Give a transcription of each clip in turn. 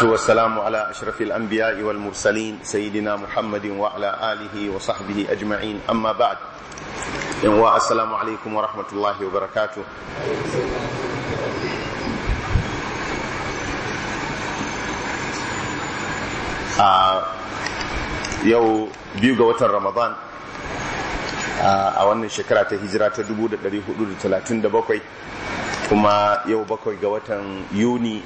salatu wassalamu ala ashrafil anbiya wal mursalin sayyidina muhammadin wa ala alihi wa sahbihi ajma'in amma ba'd yan wa assalamu alaikum wa rahmatullahi wa a yau biyu ga watan ramadan a wannan shekara ta hijira ta 1437 kuma yau bakwai ga watan yuni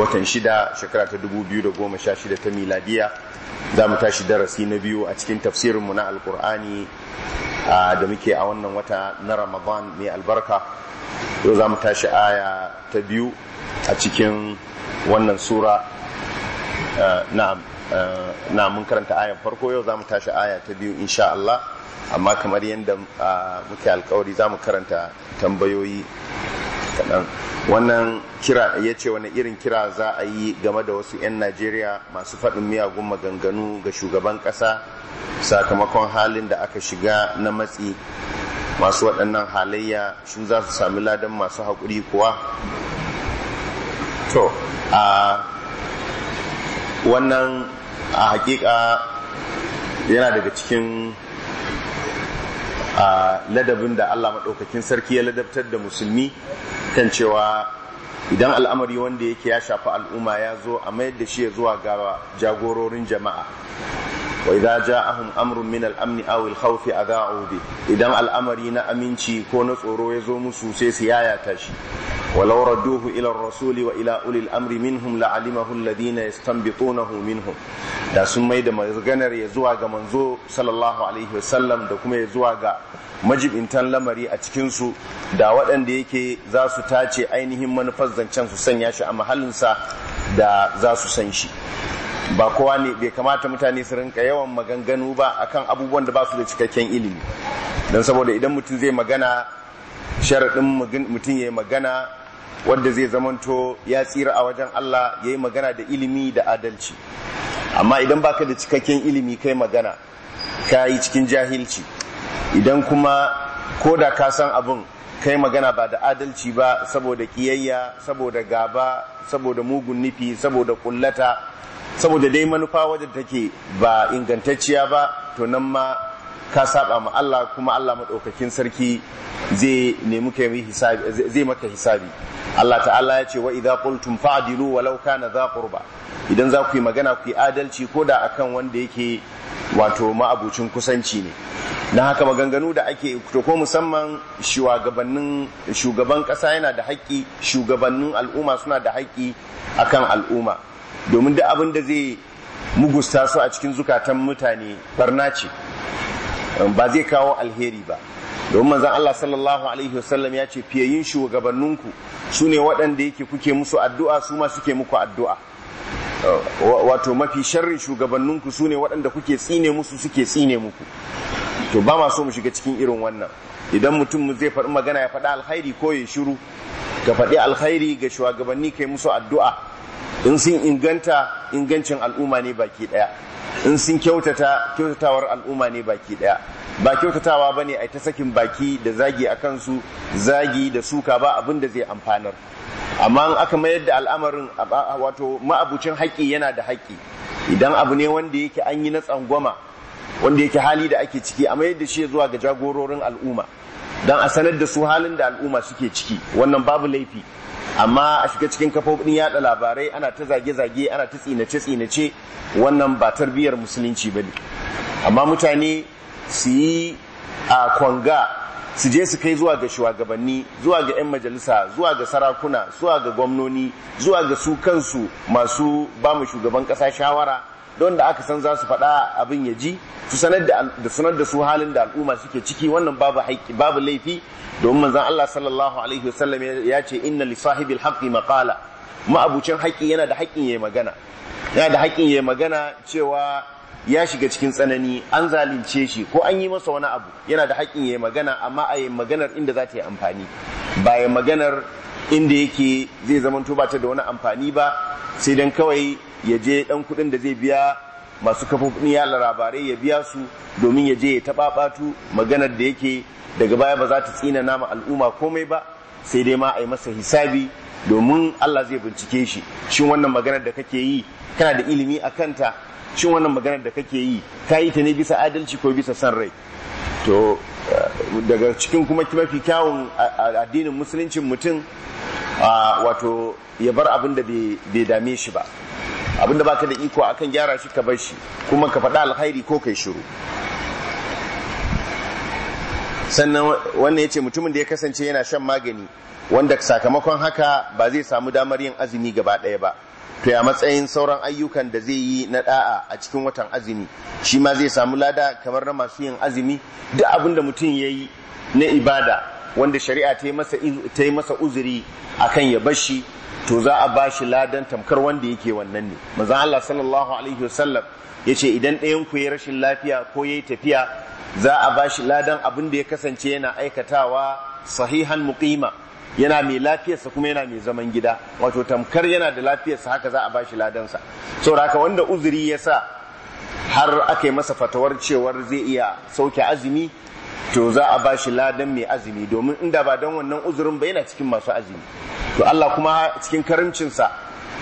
watan shida shekara ta dubu biyu da goma sha shida ta miladiya za mu tashi darasi na biyu a cikin tafsirinmu na alkur'ani da muke a wannan wata na ramadan mai albarka yau za mu tashi aya ta biyu a cikin wannan sura na mun karanta ayan farko yau za mu tashi aya ta biyu insha Allah amma kamar yadda muke alkawari za mu karanta tambayoyi kaɗan wannan kira ya ce wani irin kira za a yi game da wasu 'yan najeriya masu faɗin miyagun maganganu ga shugaban ƙasa sakamakon halin da aka shiga na matsi masu waɗannan halayya shin za su sami ladan masu haƙuri kuwa to a wannan a hakika yana daga cikin a ladabin da Allah maɗaukakin sarki ya ladabtar da musulmi kan cewa idan al'amari wanda yake ya shafi al'umma ya zo a mayar da shi ya zuwa ga jagororin jama'a wa idza ja'ahum amrun min al-amn aw al-khawf adha'u bi idan al'amari na aminci ko na tsoro ya zo musu sai su yaya tashi. ولو ردوه الى الرسول والى اولي الامر منهم لعلمه الذين يستنبطونه منهم da sun mai da maganar ya zuwa ga manzo sallallahu alaihi wasallam da kuma ya zuwa ga majibintan lamari a cikin su da waɗanda yake za su tace ainihin manufar zancen su sanya shi a mahallinsa da za su san shi ba kowa ne bai kamata mutane su rinka yawan maganganu ba akan abubuwan da ba su da cikakken ilimi don saboda idan mutum zai magana sharaɗin mutum ya magana wanda zai zamanto ya tsira a wajen Allah ya yi magana da ilimi da adalci amma idan baka da cikakken ilimi kai magana ka yi cikin jahilci idan kuma ko da ka san abin kai magana ba da adalci ba saboda kiyayya saboda gaba saboda mugun nufi saboda kullata saboda dai manufa wajen take ba ingantacciya ba to nan ma ka saba ma Allah kuma Allah maɗaukakin sarki zai maka hisabi Allah ta'ala ya ce wa idza qultum fa'dilu walau kana dha qurba idan za ku yi magana ku yi adalci ko da akan wanda yake wato ma'abucin kusanci ne na haka maganganu da ake to ko musamman shugabannin shugaban kasa yana da haƙƙi shugabannin al'umma suna da haƙƙi akan al'umma domin duk abin da zai mugusta su a cikin zukatan mutane barna ce ba zai kawo alheri ba don manzan Allah sallallahu alaihi wasallam ya ce fiyayin shugabanninku su ne waɗanda yake kuke musu addu'a su ma suke muku addu'a wato mafi sharrin shugabanninku su ne waɗanda kuke tsine musu suke tsine muku to ba ma so mu shiga cikin irin wannan idan mutum zai faɗi magana ya faɗi alkhairi ko ya shiru ka faɗi alkhairi ga shugabanni kai musu addu'a in sun inganta ingancin al'umma ne baki ɗaya in sun kyautata kyautatawar al'umma ne baki daya ba kyautatawa ba ne a ta sakin baki da zagi a kansu zagi da suka ba abin da zai amfanar amma aka mayar da al'amarin wato ma'abucin haƙƙi yana da haƙƙi idan abu ne wanda yake an yi na tsangwama wanda yake hali da ake ciki a mayar da shi zuwa ga jagororin al'umma don a sanar da su halin da al'umma suke ciki wannan babu laifi amma a shiga cikin kafofin yada labarai ana ta zage-zage ana ta tsinace-tsinace wannan ba tarbiyyar musulunci ba ne amma mutane su yi a kwanga su je su kai zuwa ga shugabanni zuwa ga 'yan majalisa zuwa ga sarakuna zuwa ga gwamnoni zuwa ga su kansu masu ba mu shugaban ƙasa shawara don da aka san za su faɗa abin ya ji su sanar da sanar da su halin da al'umma suke ciki wannan babu haƙƙi babu laifi domin manzon Allah sallallahu alaihi wasallam ya ce inna li sahibil haqqi maqala ma'abucin haƙƙi yana da haƙƙin yayi magana yana da haƙƙin yayi magana cewa ya shiga cikin tsanani an zalunce shi ko an yi masa wani abu yana da haƙƙin yayi magana amma a yi maganar inda za ta yi amfani ba ya maganar inda yake zai zamanto ba ta da wani amfani ba sai dan kawai ya je dan kudin da zai biya masu kafofin yada labarai ya biya su domin ya je ya taɓaɓatu maganar da yake daga baya ba za ta tsina nama al'umma komai ba sai dai ma a yi masa hisabi domin Allah zai bincike shi shin wannan maganar da kake yi kana da ilimi a kanta shin wannan maganar da kake yi ka yi ta ne bisa adalci ko bisa san rai to daga cikin kuma mafi kyawun addinin musuluncin mutum wato ya bar abin da bai dame shi ba abinda baka da iko akan gyara shi ka bar shi kuma ka faɗa alkhairi ko kai shiru sannan wannan ya ce mutumin da ya kasance yana shan magani wanda sakamakon haka ba zai samu damar yin azumi gaba ɗaya ba to ya matsayin sauran ayyukan da zai yi na da'a a cikin watan azumi shi ma zai samu lada kamar na masu yin azumi duk abin da mutum ya yi na ibada wanda shari'a ta yi masa uzuri akan ya bar shi. to za a ba shi ladan tamkar wanda yake wannan ne manzon Allah sallallahu alaihi wasallam yace idan ɗayan ku ya rashin lafiya ko yayi tafiya za a ba shi ladan abin da ya kasance yana aikatawa sahihan muqima yana mai lafiyarsa kuma yana mai zaman gida wato tamkar yana da lafiyarsa haka za a ba shi ladan sa saboda haka wanda uzuri ya sa har aka yi masa fatawar cewar zai iya sauke azumi to za a bashi ladan mai azumi domin inda ba don wannan uzurin ba yana cikin masu azumi to Allah kuma cikin karimcinsa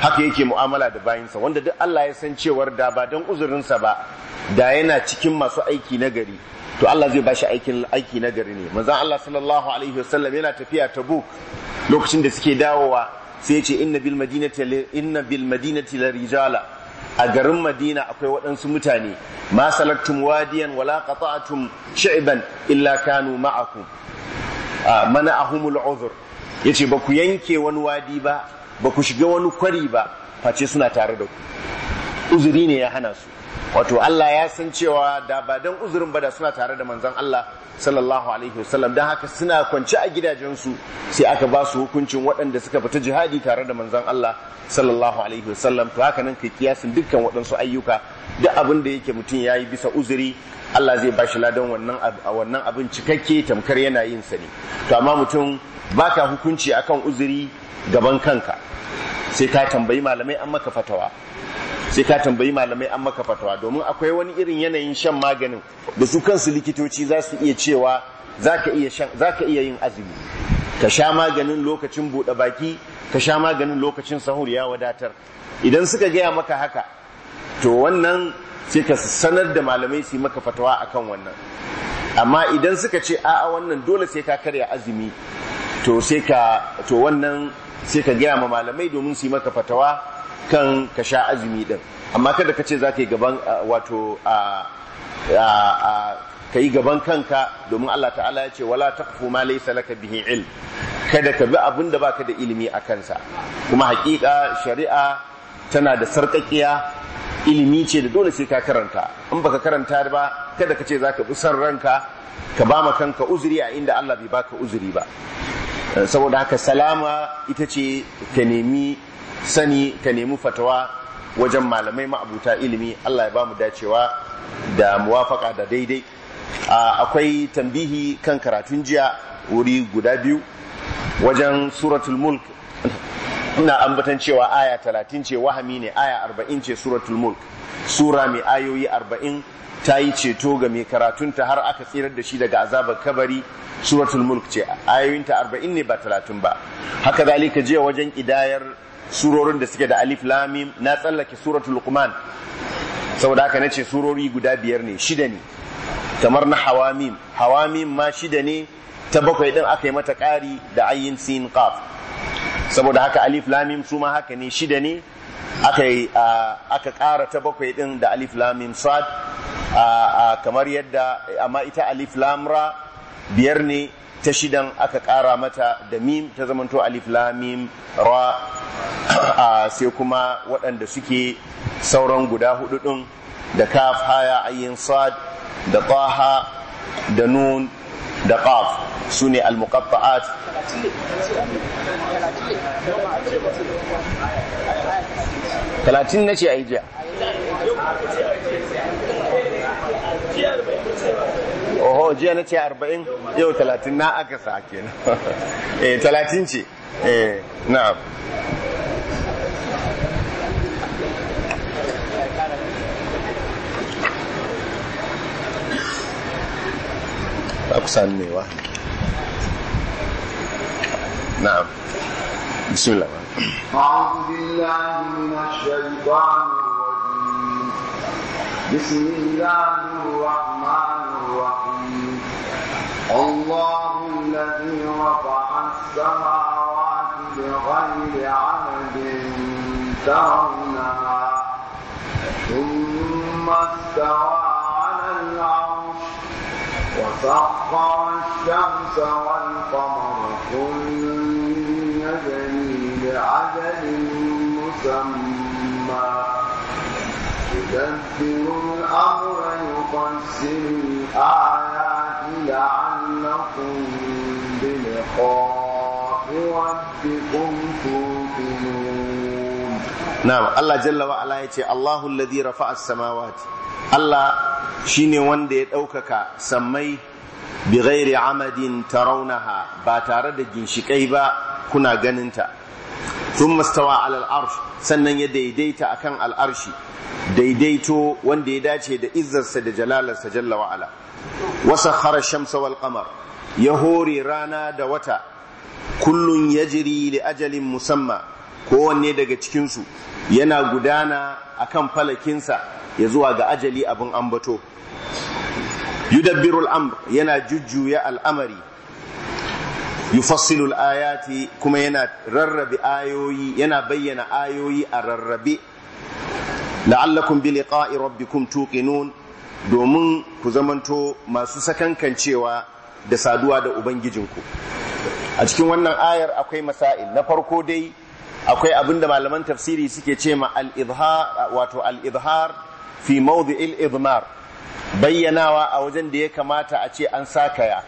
haka yake mu'amala da bayinsa wanda duk Allah ya san cewar da ba don uzurinsa ba da yana cikin masu aiki na gari to Allah zai bashi aikin aiki na gari ne manzon Allah sallallahu alaihi wasallam yana tafiya Tabuk lokacin da suke dawowa sai ya ce inna bil madinati inna bil madinati la rijala a garin madina akwai waɗansu mutane ma wadiyan wala qata'tum shi'ban illa kanu ma'akum mana ahumul uzur yace ba ku yanke wani wadi ba ba ku shiga wani kwari ba face suna tare da ku uzuri ne ya hana su wato Allah ya san cewa da ba dan uzurin ba da suna tare da manzon Allah sallallahu alaihi wasallam dan haka suna kwance a gidajensu sai aka ba su hukuncin waɗanda suka fita jihadi tare da manzon Allah sallallahu alaihi wasallam to haka nan kai kiyasin dukkan waɗansu ayyuka duk abin da yake mutum yayi bisa uzuri Allah zai bashi shi ladan wannan wannan abin cikakke tamkar yana yin sa ne to amma mutum baka hukunci akan uzuri gaban kanka sai ka tambayi malamai an maka fatawa sai ka tambayi malamai an maka fatawa domin akwai wani irin yanayin shan maganin da su kansu likitoci za su iya cewa za ka iya yin azumi ka sha maganin lokacin buɗe baki ka sha maganin lokacin sahur ya wadatar idan suka gaya maka haka to wannan sai ka sanar da malamai su maka fatawa akan wannan amma idan suka ce a'a wannan dole sai ka karya azumi to sai ka to wannan sai ka gaya ma malamai domin su yi maka fatawa kan ka sha azumi din amma kada ka ce za ka yi gaban wato ka yi gaban kanka domin Allah ta'ala ya ce wala taqfu ma laysa laka bihi ilm kada ka bi abin da baka da ilimi a kansa kuma hakika shari'a tana da sarkakiya ilimi ce da dole sai ka karanta in baka karanta ba kada ka ce zaka bi san ranka ka ba ma kanka uzuri a inda Allah bai baka uzuri ba saboda haka salama ita ce ka nemi sani ka nemi fatawa wajen malamai ma'abuta ilimi Allah ya ba mu dacewa da muwafaka da daidai akwai tambihi kan karatun jiya wuri guda biyu wajen suratul mulk ina ambatan cewa aya talatin ce wahami ne aya arba'in ce suratul mulk sura mai ayoyi arba'in ta yi ceto ga mai karatunta har aka tsirar da shi daga azabar kabari suratul mulk ce ayoyinta arba'in ne ba talatin ba haka zalika jiya wajen idayar surorin da suke da alif lamim na tsallake suratul luqman saboda haka nace surori guda biyar ne shida ne kamar na hawamim hawamim ma shida ne ta bakwai din aka yi mata ƙari da ayin sin qaf saboda haka alif lamim su ma haka ne shida ne aka aka ƙara ta bakwai din da alif lamim sad kamar yadda amma ita alif lamra biyar ne ta shidan aka ƙara mata da mim ta zamanto alif lamim ra a sai kuma waɗanda suke sauran guda hudu ɗin da kaf haya ayin sad da taha da nun da qaf sune ne almuqatta'at talatin na ce a jiya oho jiya na ce arba'in yau talatin na aka sa kenan eh talatin ce eh na'am ku wa bismillah أعوذ بالله من الشيطان بسم الله الرحمن الرحيم الله الذي رفع السماوات بغير عمد ترونها ثم استوى على العرش وسخر الشمس والقمر كل يجري لعجل مسمى يدبر الأمر يفسر الآيات لعلكم بلقاء ربكم توقنون نعم الله جل وعلا يتي الله الذي رفع السماوات الله شيني وند يدوكك سمي بغير عمد ترونها باتارد جنشكي با كنا جننتا sun mastawa alal sannan ya daidaita akan al'arshi daidaito wanda ya dace da izzarsa da jalalarsa jalla wa'ala wasa khara shamsa wal ya hore rana da wata kullun ya li ajalin musamma kowanne daga cikinsu yana gudana a kan falakinsa ya zuwa ga ajali abin ambato yudabbirul amr yana jujjuya al'amari yufassilu al-ayati kuma yana rarrabe ayoyi yana bayyana ayoyi a rarrabe la'allakum bi liqa'i rabbikum tuqinun domin ku zamanto masu sakankancewa da saduwa da ubangijinku a cikin wannan ayar akwai masail na farko dai akwai abinda malaman tafsiri suke ce ma al-izhar wato al-izhar fi mawdi'il idmar bayyanawa a wajen da ya kamata a ce an sakaya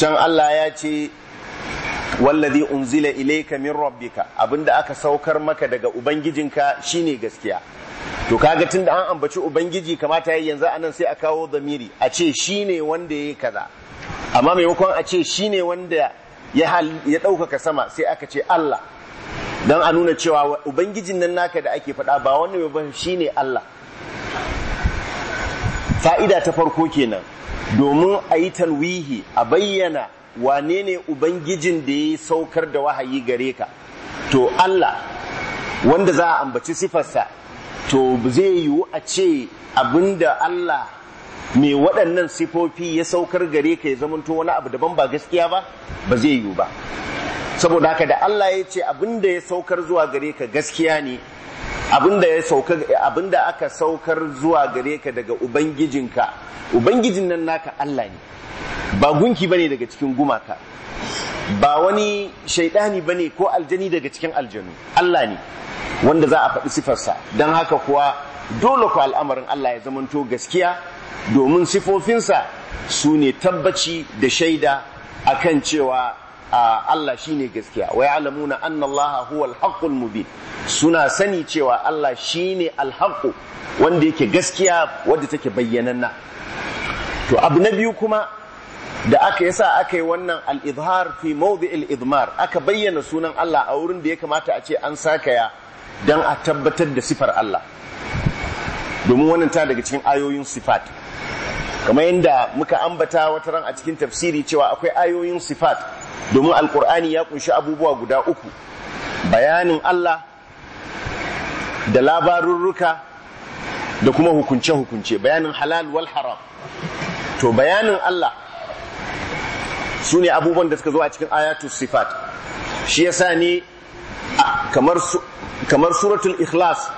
can Allah ya ce wallazi unzila ilayka min rabbika abinda aka saukar maka daga ubangijinka shine gaskiya to kaga tunda an ambaci ubangiji kamata yayi yanzu anan sai a kawo zamiri a ce shine wanda yayi kaza amma maimakon a ce shine wanda ya ya ɗaukaka sama sai aka ce Allah dan a nuna cewa ubangijin nan naka da ake faɗa ba wanda ba shine Allah fa'ida ta farko kenan domin a yi talwihi a bayyana wane ne ubangijin da ya saukar da wahayi gare ka to Allah wanda za a ambaci sifarsa to zai yiwu a ce abinda Allah mai waɗannan sifofi ya saukar gare ka ya zamanto wani abu daban ba gaskiya ba ba zai yiwu ba saboda haka da Allah ya ce abin da ya saukar zuwa gare ka gaskiya ne abinda ya sauka abinda aka saukar zuwa gare ka daga ubangijinka ubangijin nan naka Allah ne ba gunki bane daga cikin gumaka ba wani shaidani bane ko aljani daga cikin aljanu Allah ne wanda za a faɗi sifarsa don haka kuwa dole ku al'amarin Allah ya zamanto gaskiya domin sifofinsa su ne tabbaci da shaida akan cewa Allah shine gaskiya wa ya'lamuna anna Allah huwa al-haqqul mubin suna sani cewa Allah shine al-haqqu wanda yake gaskiya wanda take na. to abu na biyu kuma da aka yasa aka yi wannan al-izhar fi mawdi'il idmar aka bayyana sunan Allah a wurin da ya kamata a ce an sakaya dan a tabbatar da sifar Allah domin wannan ta daga cikin ayoyin sifat kamar yadda muka ambata wata ran a cikin tafsiri cewa akwai ayoyin sifat domin alkur'ani ya kunshi abubuwa guda uku bayanin Allah da labarurruka da kuma hukunce-hukunce bayanin halal wal haram to bayanin Allah su ne abubuwan da suka zo a cikin ayatul sifat shi yasa ne kamar suratul ikhlas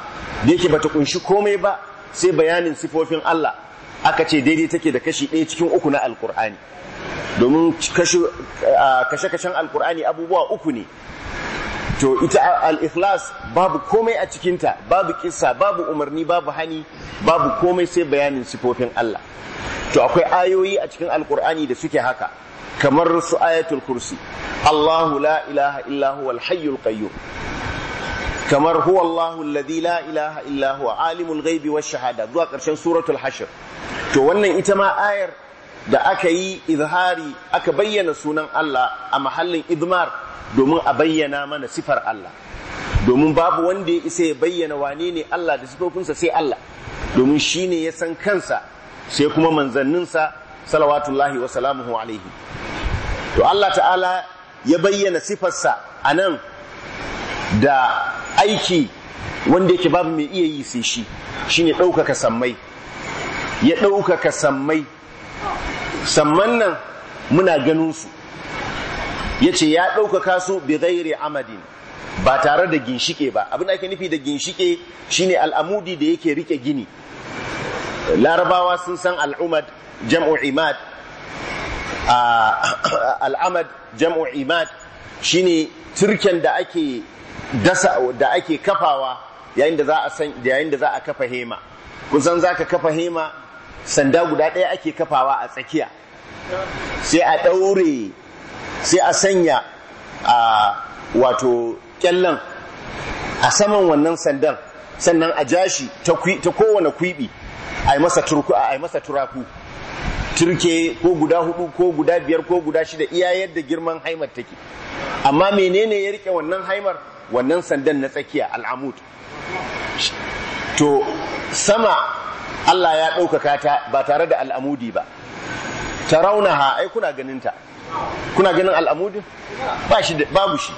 da yake bata kunshi komai ba sai bayanin sifofin Allah aka ce daidai take da kashi ɗaya cikin uku na alkur'ani domin kashe-kashen alkur'ani abubuwa uku ne to ita al-ikhlas babu komai a cikinta babu kissa babu umarni babu hani babu komai sai bayanin sifofin Allah to akwai ayoyi a cikin alkur'ani da suke haka kamar su ayatul kursi Allahu la ilaha illa huwal hayyul qayyum kamar huwa alladhi la ilaha illa huwa alimul ghaibi wash shahada zuwa ƙarshen suratul hashr to wannan ita ma ayar da aka yi izhari aka bayyana sunan Allah a mahallin idmar domin a bayyana mana sifar Allah domin babu wanda ya isa ya bayyana wane ne Allah da sifofinsa sai Allah domin shi ne ya san kansa sai kuma manzanninsa salawatullahi wa salamuhu alaihi to Allah ta'ala ya bayyana sifarsa a nan da aiki wanda yake babu mai iya yi sai shi ne ɗaukaka sammai ya ɗaukaka sammai samman nan muna ganin su ya ce ya ɗaukaka su bi ghairi amadin ba tare da ginshike ba abin da ake nufi da ginshike shine al'amudi da yake rike gini larabawa sun san al'umad jam'u imad al'amad jam'u imad shine turken da ake dasa da ake kafawa yayin da za a san yayin kafa hema kun san zaka kafa hema sanda guda ɗaya ake kafawa a tsakiya sai a ɗaure sai a sanya a wato kyallon a saman wannan sandan sannan a jashi ta kowane kwibi a yi masa turku a yi masa turaku turke ko guda hudu ko guda biyar ko guda shida iya yadda girman haimar take amma menene ya rike wannan haimar wannan sandan na tsakiya al'amud to sama Allah ya ɗaukaka ta ba tare da al'amudi ba ha, ai kuna ganin ta kuna ganin al'amudin ba shi babu shi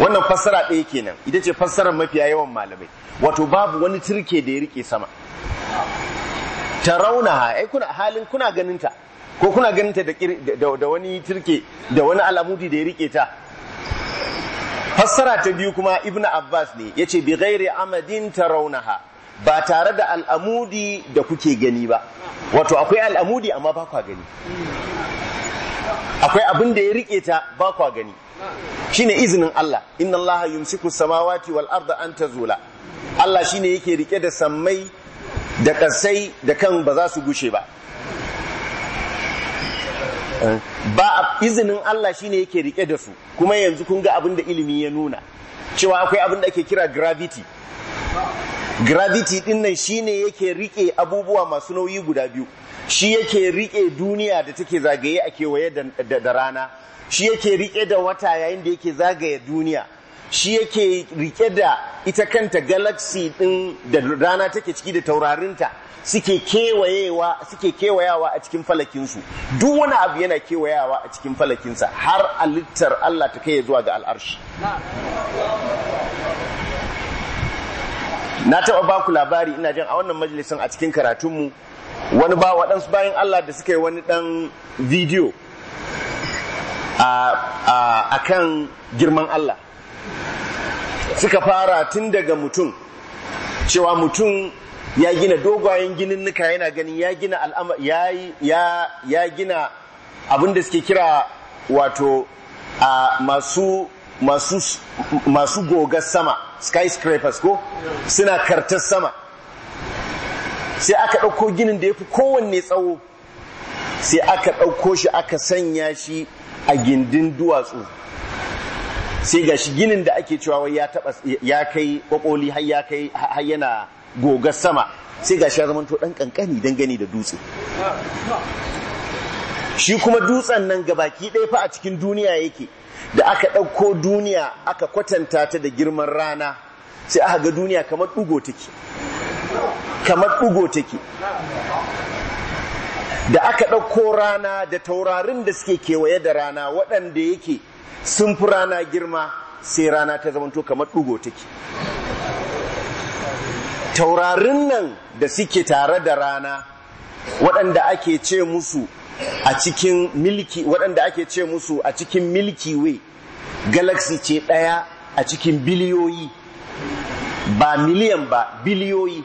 wannan fassara ɗaya kenan ita ce fassarar mafiya yawan malamai wato babu wani turke da ya rike sama ha, ai kuna halin kuna ganin ta ko kuna ganin ta da wani turke da wani al'amudi da ya rike ta fassara ta biyu kuma Ibn abbas ne yace bi gairi amadin ha, ba tare da al'amudi da kuke gani ba wato akwai al'amudi amma ba kwa gani akwai abin da ya rike ta ba kwa gani shine izinin Allah inna Allah yumsiku samawati wal’ar da an ta tazula Allah shine yake rike da sammai da kasai da kan ba za su gushe ba ba izinin Allah shine yake rike da su kuma yanzu kun ga abin da ilimi ya nuna cewa akwai abin da ake kira gravity gravity din nan shine yake rike abubuwa masu nauyi guda biyu shi yake rike duniya da take zagaye a kewaye da rana shi yake rike da wata yayin da yake zagaye duniya shi yake rike da ita kanta galaxy din da rana take ciki da taurarinta suke kewayewa suke kewayawa a cikin falakinsu duk wani abu yana kewayawa a cikin falakinsa har alittar Allah ta kai zuwa ga al'arshi na taɓa ba ku labari ina jin a wannan majalisin a cikin karatunmu wani ba waɗansu bayan Allah da suka yi wani ɗan bidiyo a kan girman Allah suka fara tun daga mutum cewa mutum ya gina dogayen ginin nuka yana ganin ya gina al'ama da suke kira wato a masu masu gogar sama skyscrapers ko suna kartar sama sai aka ɗauko ginin da ya fi kowanne tsawo sai aka ɗauko shi aka sanya shi a gindin duwatsu sai ga shi ginin da ake cewa wai ya kai ƙwaƙoli har ya kai har yana gogar sama sai ga shi zama to ɗan ƙanƙani dangane da dutse shi kuma dutsen nan gabaki ɗaya fa a cikin duniya yake da aka ɗauko duniya aka kwatanta ta da girman rana sai aka ga duniya kamar ɗugo take kamar ɗugo take da aka ɗauko rana da taurarin da suke kewaye da rana waɗanda yake sun fi rana girma sai rana ta zamanto kamar ɗugo take taurarin nan da suke tare da rana waɗanda ake ce musu a cikin milki waɗanda ake ce musu a cikin milki way galaxy ce ɗaya a cikin biliyoyi ba miliyan ba biliyoyi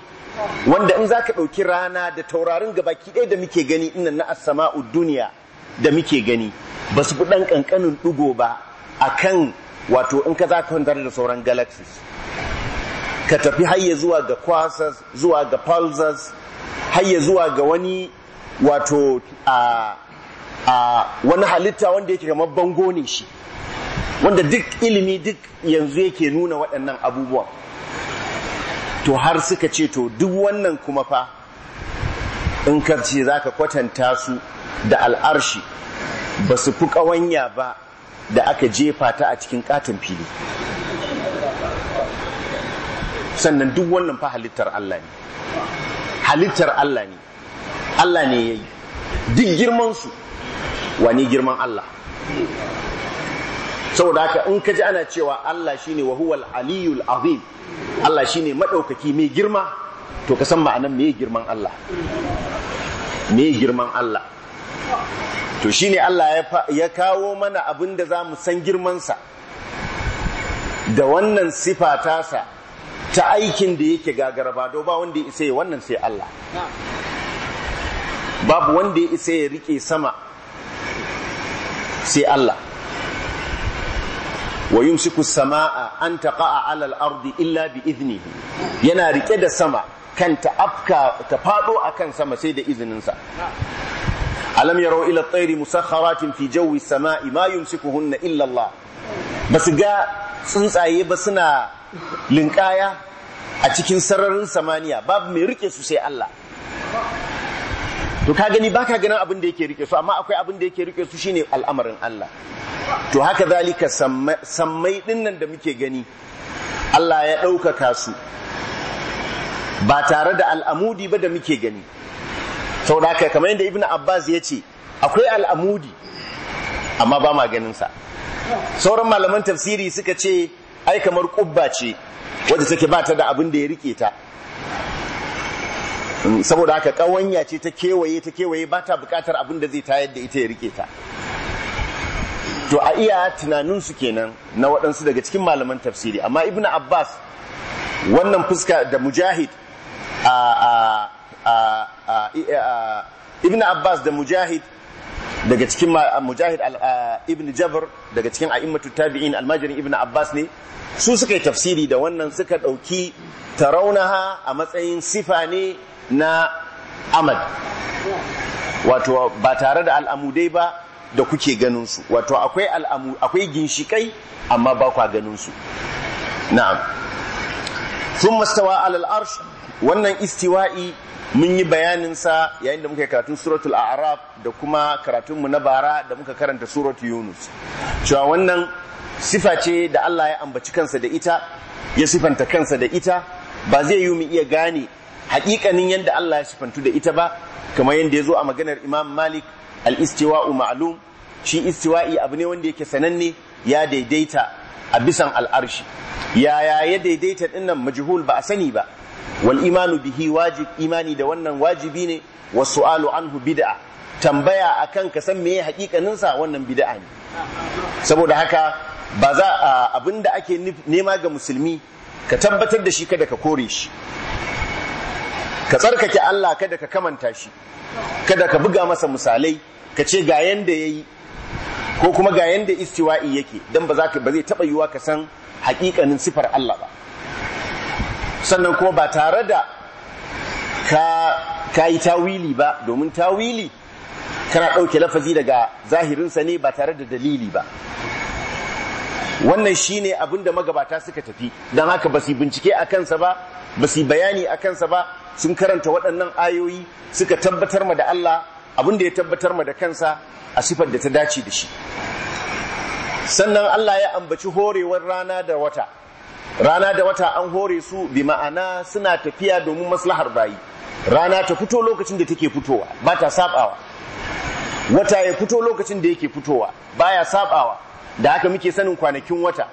wanda in za ka ɗauki rana da taurarin gabaki ɗaya da muke gani ina na asama'u duniya da muke gani ba su fi ɗan ƙanƙanin ɗigo ba a kan wato in ka za ka kwantar da sauran galaxies ka tafi hayya zuwa ga quasars zuwa ga pulsars hayya zuwa ga wani wato a wani halitta wanda yake kamar bango ne shi wanda duk ilimi duk yanzu yake nuna waɗannan abubuwan to har suka ce to duk wannan kuma fa in karci za ka kwatanta su da al'arshi ba su fi ƙawanya ba da aka jefa ta a cikin ƙaton fili sannan duk wannan fa halittar Allah ne halittar Allah ne Allah ne ya yi duk girmansu ni girman Allah saboda haka in ka ji ana cewa Allah shine wa huwal aliyul azim Allah shine madaukaki mai girma to ka san ma'anar me girman Allah me girman Allah to shine Allah ya kawo mana abin da za mu san girmansa da wannan sifatasa ta aikin da yake gagaraba do ba wanda ya isa wannan sai Allah babu wanda ya isa ya rike sama sai Allah wa yumsiku sama'a an taqa'a 'ala al-ardi illa bi idnihi yana rike da sama kan ta afka ta fado akan sama sai da izinin sa alam yaro ila at-tayri musakhkharatin fi jawi as-sama'i ma yumsikuhunna illa Allah basu ga tsuntsaye ba suna linkaya a cikin sararin samaniya babu mai rike su sai Allah to ka gani baka ganin abin da yake rike su amma akwai abin da yake rike su shine al'amarin Allah to haka zalika sammai dinnan da muke gani Allah ya ɗaukaka su ba tare da al'amudi ba da muke gani sau da haka kamar yadda ibn abbas ya ce akwai al'amudi amma ba ma ganinsa sauran malaman tafsiri suka ce ai kamar ƙubba ce wadda take ba ta da abin da ya rike ta saboda haka kawanya ce ta kewaye ta kewaye ba ta bukatar abin da zai tayar da ita ya rike ta to a iya tunaninsu kenan na waɗansu daga cikin malaman tafsiri amma ibn abbas wannan fuska da mujahid a ibn abbas da mujahid daga cikin mujahid ibn jabr daga cikin a'immatu tabi'in almajirin ibn abbas ne su suka yi tafsiri da wannan suka ɗauki taraunaha a matsayin sifa ne na amad wato ba tare da al'amudai ba da kuke ganin su wato akwai al'amu akwai ginshikai amma ba kwa ganin su na'am sun mastawa alal arsh wannan istiwa'i mun yi bayanin sa yayin da muka yi karatun suratul a'raf da kuma karatun mu na bara da muka karanta suratul yunus cewa wannan sifa ce da Allah ya ambaci kansa da ita ya sifanta kansa da ita ba zai yi mu iya gane hakikanin yadda Allah ya sifantu da ita ba kamar yadda ya zo a maganar Imam Malik al-istiwa'u ma'lum shi istiwa'i abu ne wanda yake sananne ya daidaita a bisan al'arshi yaya ya daidaita dinnan majhul ba a sani ba wal imanu bihi wajib imani da wannan wajibi ne wa su'alu anhu bid'a tambaya akan ka san meye hakikanin sa wannan bid'a ne saboda haka ba za a abinda ake nema ga musulmi ka tabbatar da shi kada ka kore shi ka tsarkake Allah kada ka kamanta shi kada ka buga masa misalai ka ce ga yanda yayi ko kuma ga yanda istiwa'i yake dan ba za ka ba zai taba yiwa ka san hakikanin sifar Allah ba sannan kuma ba tare da ka ka yi tawili ba domin tawili kana ɗauke lafazi daga zahirinsa ne ba tare da dalili ba wannan shine abin da magabata suka tafi don haka ba su bincike a kansa ba ba su bayani a kansa ba sun karanta waɗannan ayoyi suka tabbatar ma da Allah abin da ya tabbatar ma da kansa a sifar da ta dace da shi sannan Allah ya ambaci horewar rana da wata rana da wata an hore su bi ma'ana suna tafiya domin maslahar bayi rana ta fito lokacin da take fitowa ba ta sabawa wata ya fito lokacin da yake fitowa baya saɓawa. da haka muke sanin kwanakin wata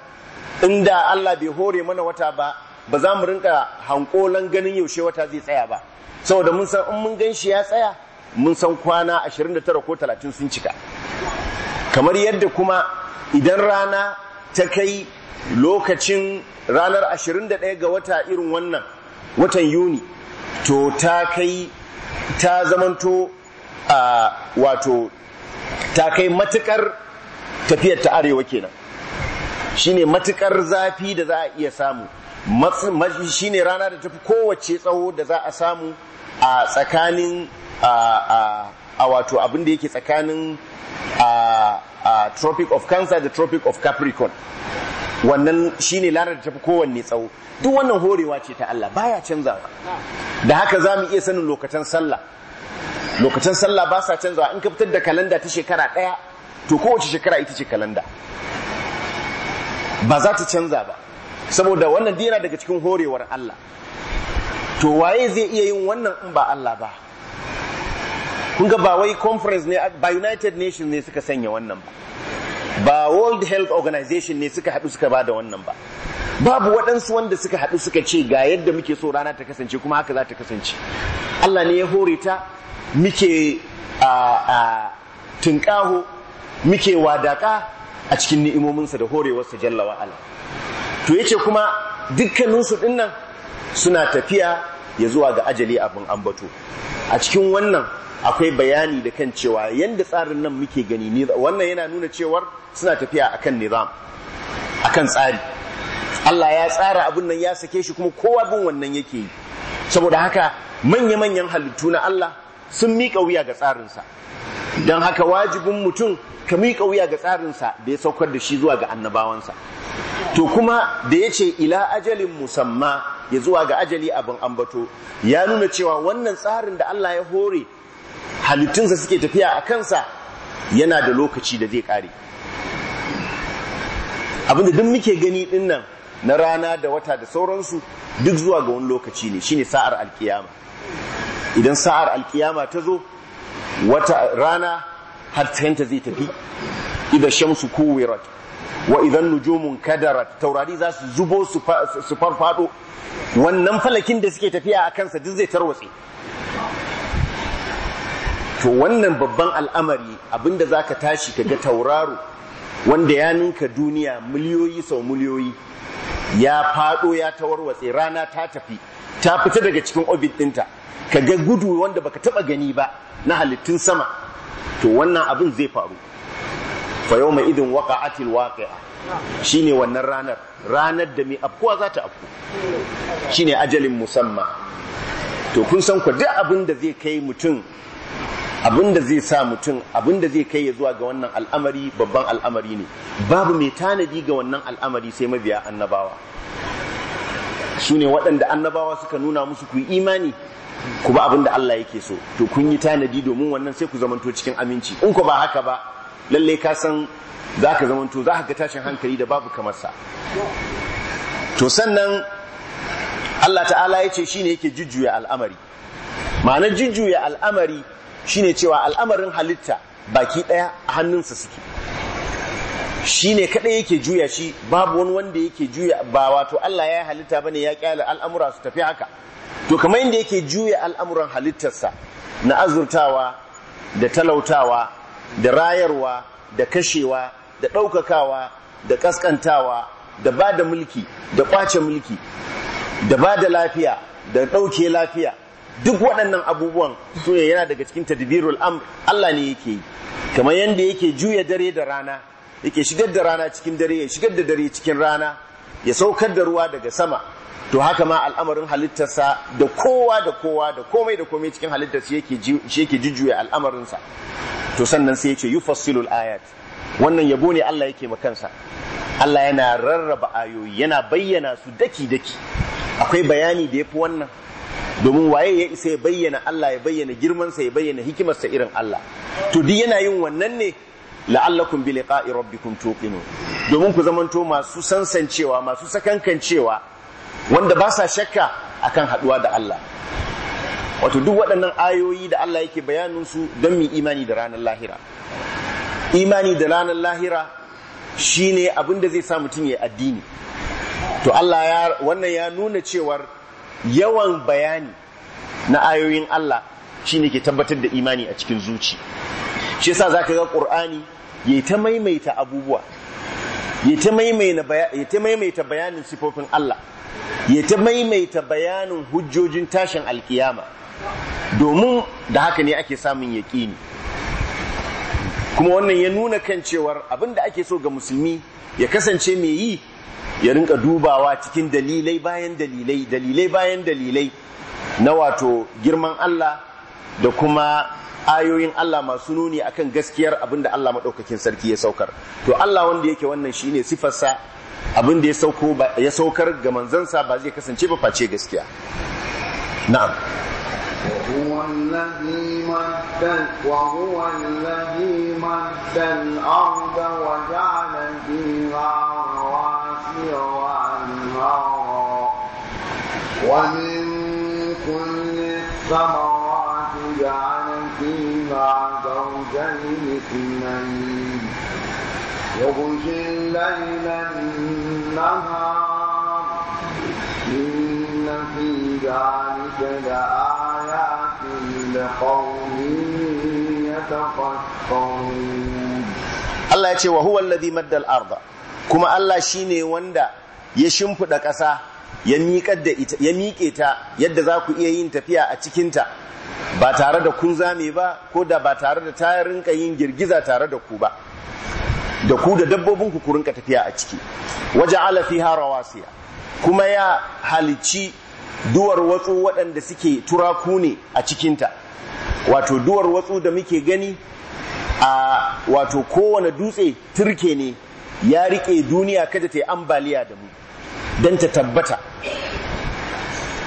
inda Allah bai hore mana wata ba ba za mu rinka hankolan ganin yaushe wata zai tsaya ba saboda mun san in mun gan shi ya tsaya mun san kwana 29 ko 30 sun cika kamar yadda kuma idan rana ta kai lokacin ranar 21 ga wata irin wannan watan yuni to ta kai ta zamanto a wato ta kai matukar tafiyar ta arewa kenan shine matukar zafi da za a iya samu shi ne rana da tafi kowace tsawo da za a samu a tsakanin a wato abin da yake tsakanin a tropic of cancer da tropic of capricorn wannan shine ranar da tafi kowanne tsawo duk wannan horewa ce ta Allah baya canzawa da haka za mu iya sanin lokacin sallah lokacin sallah ba sa canzawa in ka fitar da kalanda ta shekara ɗaya to kowace shekara ita ce kalanda ba za ta canza ba saboda wannan dina daga cikin horewar Allah to waye zai iya yin wannan in ba Allah ba kun ga ba wai conference ne ba United Nations ne suka sanya wannan ba ba World Health Organization ne suka haɗu suka ba da wannan ba babu waɗansu wanda suka haɗu suka ce ga yadda muke so rana ta kasance kuma haka za ta kasance Allah ne ya hore ta muke a tunƙaho muke wadaka a cikin ni'imominsa da horewarsa jalla wa'ala to yace kuma dukkaninsu dinnan suna tafiya ya zuwa ga ajali abin ambato a cikin wannan akwai bayani da kan cewa yadda tsarin nan muke gani wannan yana nuna cewar suna tafiya akan nizam akan tsari Allah ya tsara abin nan ya sake shi kuma kowa bin wannan yake yi saboda haka manya-manyan halittu na Allah sun miƙa wuya ga tsarinsa don haka wajibin mutum ka miƙa wuya ga tsarinsa da ya saukar da shi zuwa ga annabawansa to kuma da ya ce ila ajalin musamma ya zuwa ga ajali abin ambato ya nuna cewa wannan tsarin da Allah ya hore halittunsa suke tafiya a kansa yana da lokaci da zai kare abinda duk muke gani din na rana da wata da sauransu duk zuwa ga wani lokaci ne shine sa'ar alkiyama idan sa'ar alkiyama ta zo wata rana har ta zai tafi idan shamsu kuwirat wa idan nujumun kadarat taurari za su zubo su farfado wannan falakin da suke tafiya a kansa duk zai tarwatse to wannan babban al'amari abinda za ka tashi ka ga tauraro wanda ya ninka duniya miliyoyi sau miliyoyi ya fado ya tawarwatse rana ta tafi ta fita daga cikin obit dinta, ka ga gudu wanda baka taba gani ba na halittun sama to wannan abin zai faru fa yau mai idin waka'atil shi shine wannan ranar ranar da mai afkuwa za ta afku shine ajalin musamman to kun san kwa duk abin da zai kai mutum abin da zai sa mutum abin da zai kai ya zuwa ga wannan al'amari babban al'amari ne babu mai tanadi ga wannan al'amari sai mabiya annabawa su ne waɗanda annabawa suka nuna musu ku imani ku ba abin da Allah yake so to kun yi tanadi domin wannan sai ku zamanto cikin aminci in ku ba haka ba Lallai ka san za ka zamanto za ka ga tashin hankali da babu kamar sa. to sannan Allah ta'ala ya ce shine yake jujjuya al'amari ma'ana jujjuya al'amari shine cewa al'amarin halitta baki ɗaya a hannunsa suke shi ne kaɗai yake juya shi babu wani wanda yake juya ba wato Allah ya halitta bane ya kyale al'amura su tafi haka to kamar yadda yake juya al'amuran halittarsa na azurtawa da talautawa da rayarwa da kashewa da ɗaukakawa da ƙasƙantawa da ba da mulki da ƙwace mulki da ba da lafiya da ɗauke lafiya duk waɗannan abubuwan su yana daga cikin tadbirul amr Allah ne yake yi kamar yadda yake juya dare da rana yake shigar da rana cikin dare ya shigar da dare cikin rana ya saukar da ruwa daga sama to haka ma al'amarin halittarsa da kowa da kowa da komai da komai cikin halittarsa yake jujjuya al'amarinsa to sannan sai ya ce yufassilul ayat wannan yabo ne Allah yake ma kansa Allah yana rarraba ayoyi yana bayyana su daki daki akwai bayani da yafi wannan domin waye ya isa ya bayyana Allah ya bayyana girmansa ya bayyana hikimarsa irin Allah to duk yana yin wannan ne la'allakum bi liqa'i rabbikum tuqinu domin ku zamanto masu sansancewa masu sakankancewa wanda ba sa shakka a kan haɗuwa da Allah wato duk waɗannan ayoyi da Allah yake bayanin don mu imani da ranar lahira imani da ranar lahira shine abin da zai sa mutum ya addini to Allah ya wannan ya nuna cewar yawan bayani na ayoyin Allah shine ke tabbatar da imani a cikin zuci shi za ka ga ƙur'ani yayi ta maimaita abubuwa ya ta maimaita bayanin sifofin Allah ya ta maimaita bayanin hujjojin tashin alkiyama domin da haka ne ake samun yaƙini kuma wannan ya nuna kan cewar abin da ake so ga musulmi ya kasance mai yi ya rinka dubawa cikin dalilai bayan dalilai dalilai bayan dalilai na wato girman Allah da kuma ayoyin Allah masu nuni akan gaskiyar abinda Allah maɗaukakin sarki ya saukar to Allah wanda yake wannan shine sifarsa abinda ya sauko ya saukar ga manzansa ba zai kasance ba face gaskiya na'am 满宗真理的平安。我不信来人呐，你那披甲你穿的阿呀，穿的红衣也得发红。Allah ya ce wa huwa alladhi madda al kuma Allah shine wanda ya shimfida ya da ya miƙe ta yadda za ku iya yin tafiya a cikinta. ba tare da kun zame ba ko da ba tare da ta rinka yin girgiza tare da ku ba da ku da dabbobin ku ku rinka tafiya a ciki waje fiha rawasiya kuma ya halici duwar watsu waɗanda suke turaku ne a cikinta wato duwar watsu da muke gani a wato kowane dutse turke ne ya rike duniya kada ta yi ambaliya da mu Dan ta tabbata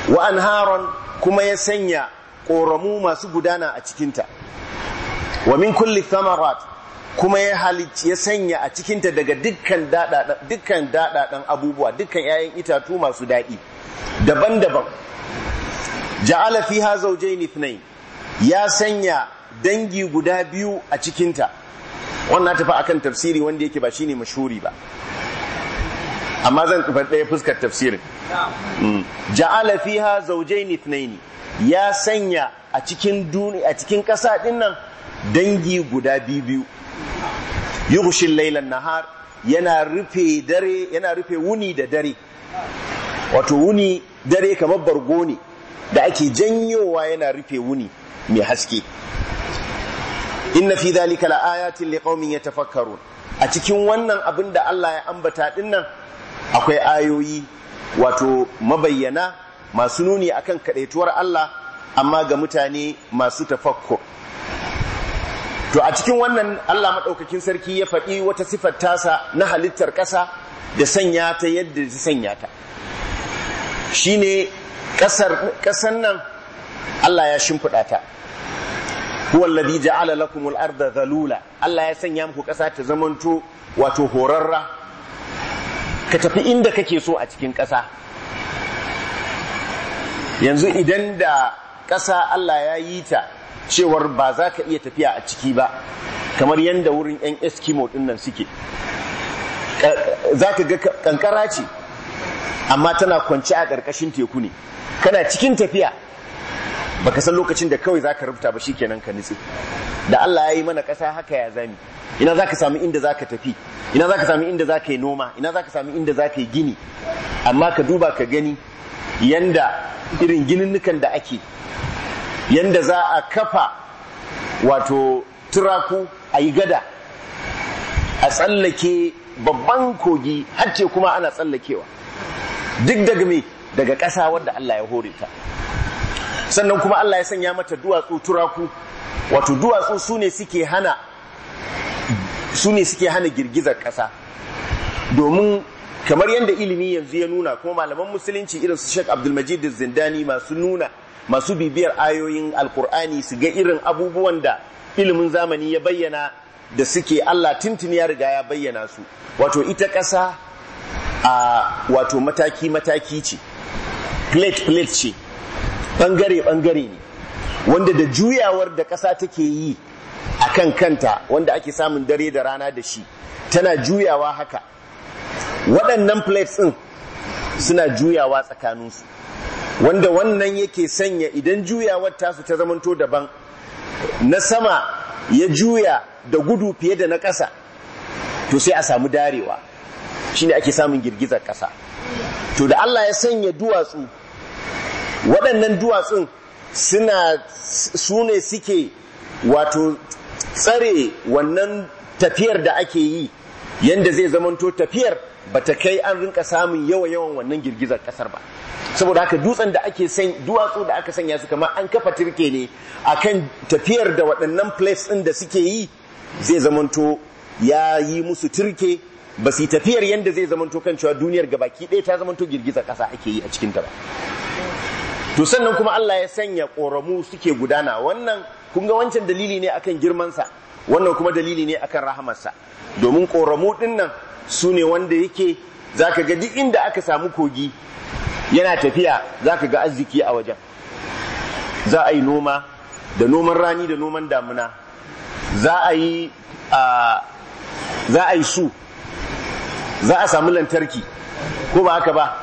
Wa'an Haron kuma ya sanya ƙoramu masu gudana a cikinta wa min kulli thamarat kuma ya halicci ya sanya a cikinta daga dukkan daɗaɗan dukkan daɗaɗan abubuwa dukkan 'ya'yan itatu masu daɗi daban-daban ja'ala fiha zawjayn ithnayn ya sanya dangi guda biyu a cikinta wannan tafi akan tafsiri wanda yake ba shine mashhuri ba amma zan ɗaya fuskar tafsirin mm. ja'ala fiha zawjayn ithnayn ya sanya a cikin duni a cikin ƙasa ɗin nan dangi guda biyu yughshil lailan nahar yana rufe dare yana rufe wuni da dare wato wuni dare kamar bargo ne da ake janyowa yana rufe wuni mai haske inna fi dhalika laayatin liqaumin yatafakkarun a cikin wannan abin da Allah ya ambata ɗinnan akwai ayoyi wato mabayyana masu nuni akan kaɗaituwar Allah amma ga mutane masu tafakko. to a cikin wannan Allah madaukakin sarki ya faɗi wata sifar tasa na halittar ƙasa da sanya ta yadda ta sanya ta shine ƙasar ƙasan nan Allah ya shimfiɗa ta huwa alladhi ja'ala lakum al-arda dhalula Allah ya sanya muku ƙasa ta zamanto wato horarra ka tafi inda kake so a cikin ƙasa. yanzu idan da ƙasa Allah ya yi ta cewar ba za ka iya tafiya a ciki ba kamar yadda wurin 'yan eskimo dinnan suke za ka ga ƙanƙara ce amma tana kwanci a ƙarƙashin teku ne kana cikin tafiya baka san lokacin da kawai za ka rubuta ba shi shikenan ka nutse. da Allah ya yi mana ƙasa haka ya zami ina za ka samu inda za ka tafi ina za ka samu inda ka yi noma ina za ka samu inda zaka yi gini amma ka duba ka gani yanda irin gininnukan da ake yanda za a kafa wato turaku a yi gada a tsallake babban kogi hacce kuma ana tsallakewa duk daga me daga ƙasa wadda Allah ya hore ta sannan kuma Allah ya sanya mata duwatsu turaku wato duwatsu su ne suke hana su ne suke hana girgizar ƙasa domin kamar yadda ilimi yanzu ya nuna kuma malaman musulunci irin su Sheikh Abdul Majid Zindani masu nuna masu bibiyar ayoyin Alkur'ani su ga irin abubuwan da ilimin zamani ya bayyana da suke Allah tintini ya riga ya bayyana su wato ita ƙasa a wato mataki mataki ce plate plate ce bangare bangare ne wanda da juyawar da ƙasa take yi a kan kanta wanda ake samun dare da rana da shi tana juyawa haka waɗannan plates ɗin suna juyawa tsakaninsu wanda wannan yake sanya idan juyawar tasu ta zamanto daban na sama ya juya da gudu fiye da na ƙasa to sai a samu darewa shine ake samun girgizar ƙasa to da Allah ya sanya duwatsu waɗannan duwatsun suna su ne suke wato tsare wannan tafiyar da ake yi yanda zai zamanto tafiyar Ba ta kai an rinka samun yawa yawan wannan girgizar kasar ba saboda haka dutsen da ake san duwatsu da aka sanya su kamar an kafa turke ne akan tafiyar da waɗannan plates ɗin da suke yi zai zamanto ya yi musu turke ba su tafiyar yadda zai zamanto kan cewa duniyar gabaki ɗaya ta zamanto girgizar ƙasa ake yi a cikin ta ba to sannan kuma Allah ya sanya ƙoramu suke gudana wannan kun ga wancan dalili ne akan girmansa wannan kuma dalili ne akan rahamarsa domin ƙoramu dinnan. su ne wanda yake za ka ga duk inda aka samu kogi yana tafiya za ka ga arziki a wajen za a yi noma da noman rani da noman damuna za a yi za a yi su za a samu lantarki ko ba haka ba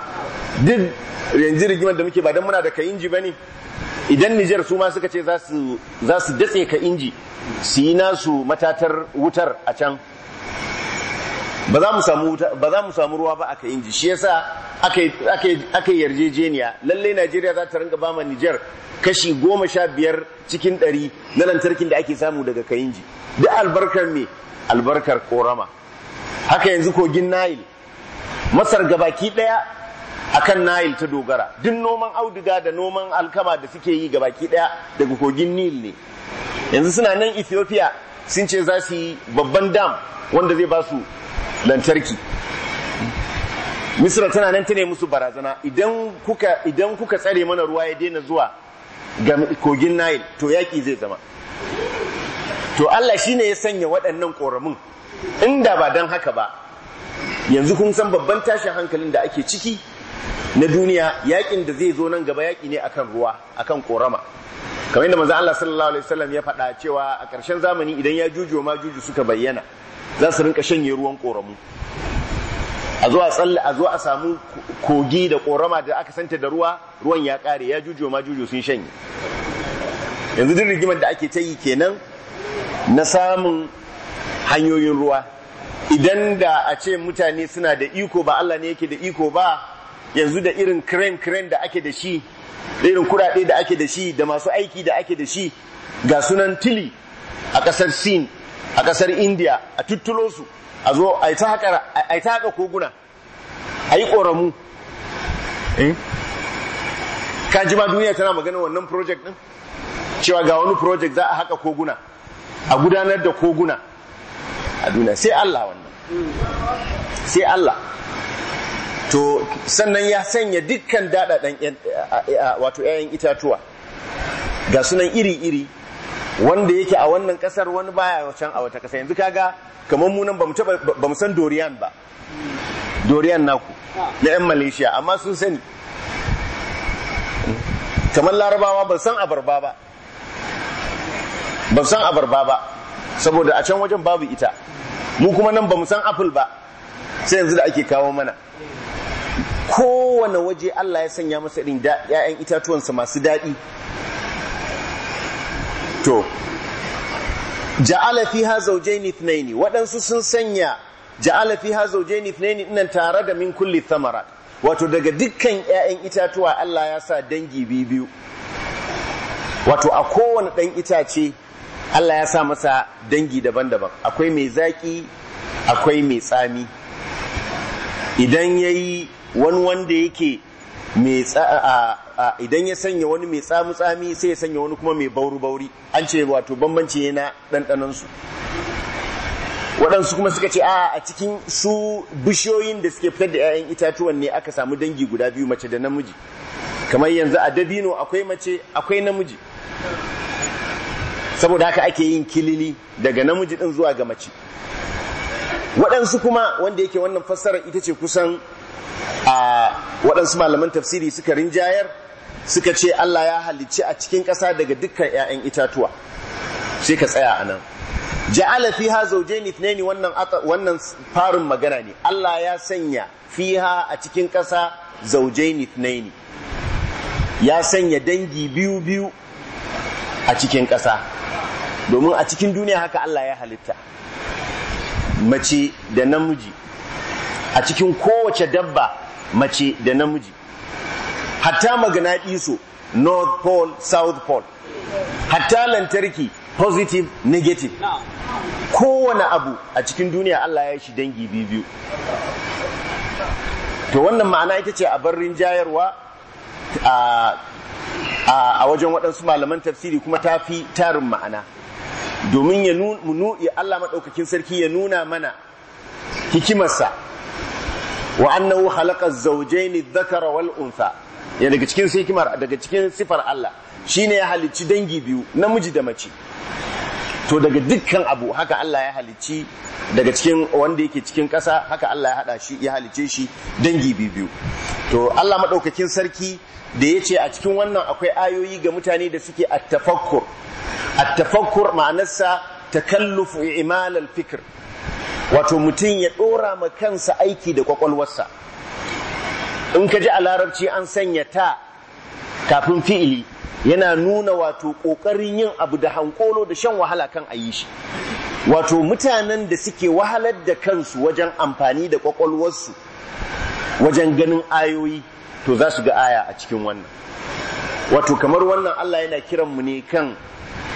duk yanzu rigimar da muke ba don muna da ka inji ba ne idan Nijar su ma suka ce za su datse ka inji su yi nasu matatar wutar a can ba za mu samu ruwa ba aka inji shi yasa aka aka yarjejeniya lallai Najeriya za ta rinka ba ma Nijar kashi goma sha biyar cikin ɗari na lantarkin da ake samu daga Kayinji da albarkar me albarkar korama haka yanzu kogin Nile Masar gabaki ɗaya akan Nile ta dogara duk noman auduga da noman alkama da suke yi gabaki ɗaya daga kogin Nile ne yanzu suna nan Ethiopia sun ce za su yi babban dam wanda zai ba su lantarki misra tana nan ta ne musu barazana idan kuka idan kuka tsare mana ruwa ya daina zuwa ga kogin nile to yaki zai zama to Allah shine ya sanya waɗannan ƙoramin inda ba don haka ba yanzu kun san babban tashin hankalin da ake ciki na duniya yakin da zai zo nan gaba yaki ne akan ruwa akan ƙorama. kamar yadda manzo Allah sallallahu alaihi wasallam ya faɗa cewa a ƙarshen zamani idan ya juju ma juju suka bayyana za su rinka shanye ruwan koramu a zo a tsalle a zo a samu kogi da korama da aka santa da ruwa ruwan ya kare ya jujo ma jujo sun shanye yanzu duk rigimar da ake ta yi kenan na samun hanyoyin ruwa idan da a ce mutane suna da iko ba Allah ne yake da iko ba yanzu da irin crane crane da ake da shi da irin kuraɗe da ake da shi da masu aiki da ake da shi ga sunan tili a ƙasar sin a kasar india a tuttulo su a zo a yi ta haka koguna a yi ƙoramu eh? ka ji ma duniya tana magana wannan project din cewa ga wani project za a haka koguna a gudanar da koguna a duniya sai allah wannan sai allah to sannan ya sanya dukkan daɗaɗen wato 'ya'yan itatuwa ga sunan iri-iri wanda yake a wannan kasar wani baya wacan a wata kasa yanzu kaga kamar mu nan bamu san dorian ba dorian naku na yan malaysia amma sun sani kamar larabawa ba san abarba ba ba san abarba ba saboda a can wajen babu ita mu kuma nan bamu san apple ba sai yanzu da ake kawo mana kowane waje Allah ya sanya masa irin ‘ya'yan itatuwansa masu daɗi to ja'ala fiha zawjayn ithnayn waɗansu sun sanya ja'ala fiha zawjayn ithnayn innan tare da min kulli thamarat wato daga dukkan 'ya'yan itatuwa Allah ya sa dangi biyu wato a kowane ɗan itace Allah ya sa masa dangi daban-daban akwai mai zaƙi akwai mai tsami idan yayi wani wanda yake mai idan ya sanya wani mai tsami-tsami sai ya sanya wani kuma mai bauri-bauri an ce wato bambanci ne na ɗanɗanansu waɗansu kuma suka ce a a cikin su bishiyoyin da suke fitar da 'ya'yan itatuwan ne aka samu dangi guda biyu mace da namiji kamar yanzu a dabino akwai mace akwai namiji saboda haka ake yin kilili daga namiji ɗin zuwa ga mace waɗansu kuma wanda yake wannan fassara ita ce kusan a waɗansu malaman tafsiri suka rinjayar suka ce Allah ya halicci a cikin ƙasa daga dukkan 'ya'yan itatuwa sai ka tsaya a nan ja'ala fiha zawjayn ithnaini wannan wannan farin magana ne Allah ya sanya fiha a cikin ƙasa zawjayn ni? ya sanya dangi biyu biyu a cikin ƙasa domin a cikin duniya haka Allah ya halitta mace da namiji a cikin kowace dabba mace da namiji hatta maganaɗiso north pole south pole hatta lantarki positive negative kowane abu a cikin duniya Allah ya shi dangi biyu to wannan ma'ana ita ce a barin jayarwa a wajen waɗansu malaman tafsiri kuma ta fi tarin ma'ana domin ya ya Allah maɗaukakin sarki ya nuna mana hikimarsa wa annahu khalaqa az-zawjayn adh-dhakara wal untha ya daga cikin hikimar daga cikin sifar Allah shi ne ya halicci dangi biyu namiji da mace to daga dukkan abu haka Allah ya halicci daga cikin wanda yake cikin ƙasa haka Allah ya hada shi ya halicce shi dangi biyu to Allah madaukakin sarki da ya ce a cikin wannan akwai ayoyi ga mutane da suke attafakkur attafakkur ma'anarsa takallufu imal al-fikr wato mutum ya dora ma kansa aiki da kwakwalwarsa in ka ji a larabci an sanya ta kafin fi'ili yana nuna wato ƙoƙarin yin abu da hankolo da shan wahala kan ayi shi wato mutanen da suke wahalar da kansu wajen amfani da ƙwaƙwalwarsu wajen ganin ayoyi to za su ga aya a cikin wannan wato kamar wannan Allah yana kiran mu ne kan